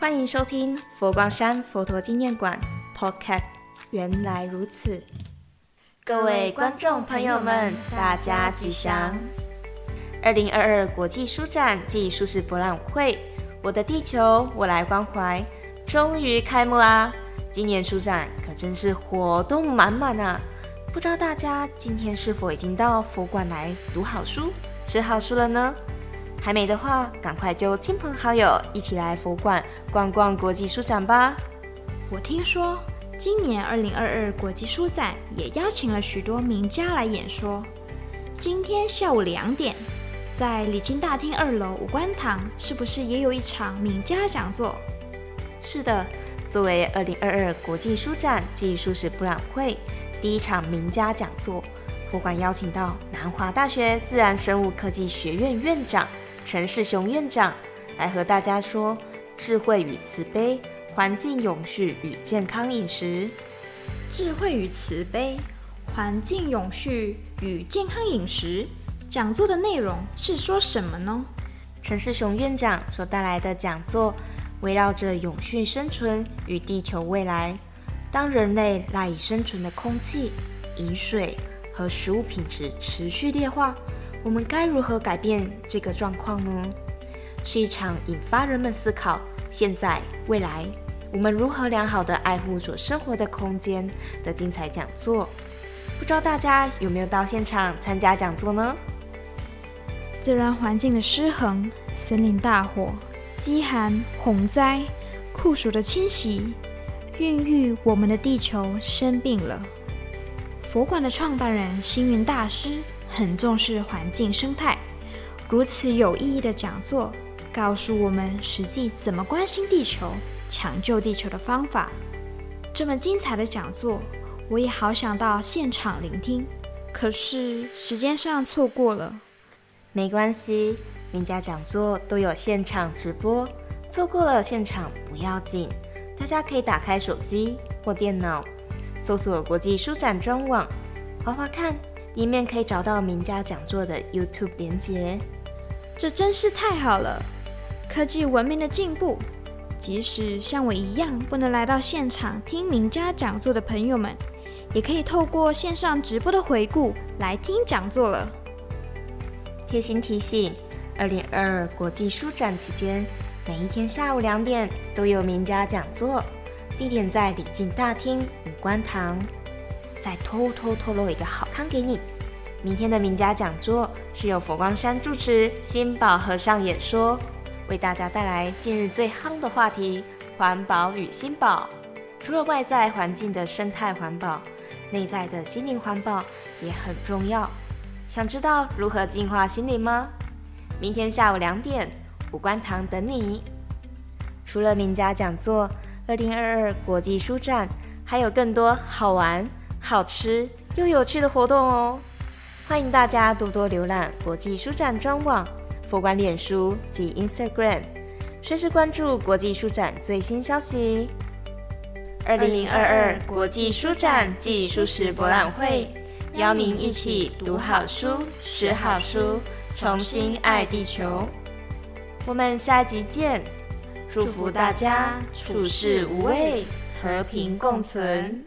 歡迎收聽佛光山佛陀紀念館 Podcast，原來如此。各位觀眾朋友們，大家吉祥！二零二二國際書展暨蔬食博覽會，我的地球我來關懷，終於開幕啦！今年書展可真是活動滿滿啊！不知道大家今天是否已經到佛館來讀好書、吃好書了呢？還沒的話，趕快就親朋好友一起來佛館逛逛國際書展吧。我聽說今年二零二二國際書展也邀請了許多名家來演說。今天下午兩點，在禮敬大廳二樓五觀堂，是不是也有一場名家講座？是的，作為二零二二國際書展暨蔬食博覽會第一場名家講座，佛館邀請到南華大學自然生物科技學院院長。陳世雄院長來和大家說：智慧與慈悲，環境永續與健康飲食。智慧與慈悲，環境永續與健康飲食。講座的內容是說什麼呢？陳世雄院長所帶來的講座圍繞着永續生存與地球未來。當人類賴以生存的空氣、飲水和食物品質持續劣化，我們該如何改變這個狀況呢？是一場引發人們思考現在、未來，我們如何良好的愛護所生活的空間的精彩講座。不知道大家有沒有到現場參加講座呢？自然環境的失衡、森林大火、飢寒、洪災、酷暑的侵襲，孕育我們的地球生病了。佛館的創辦人星雲大師。很重視環境生態，如此有意義的講座，告訴我們實際怎麼關心地球、搶救地球的方法。這麼精彩的講座，我也好想到現場聆聽，可是時間上錯過了。沒關係，名家講座都有現場直播，錯過了現場不要緊，大家可以打開手機或電腦，搜索國際書展專網，滑滑看。裡面可以找到名家講座的 YouTube 連接，這真是太好了！科技文明的進步，即使像我一樣不能來到現場聽名家講座的朋友們，也可以透過線上直播的回顧來聽講座了。貼心提醒：二零二二國際書展期間，每一天下午兩點都有名家講座，地點在禮敬大廳五觀堂。再偷偷透露一個好康給你！明天的名家講座是由佛光山住持心保和尚演說，為大家帶來近日最夯的話題——環保與心保。除了外在環境的生態環保，內在的心靈環保也很重要。想知道如何淨化心靈嗎？明天下午兩點，五觀堂等你。除了名家講座，二零二二國際書展還有更多好玩。好吃又有趣的活動哦！歡迎大家多多瀏覽國際書展專網、佛館臉書及 Instagram，隨時關注國際書展最新消息。二零二二國際書展暨蔬食博覽會，邀您一起讀好書、食好蔬，重新愛地球。我們下一集見！祝福大家處事無畏，和平共存。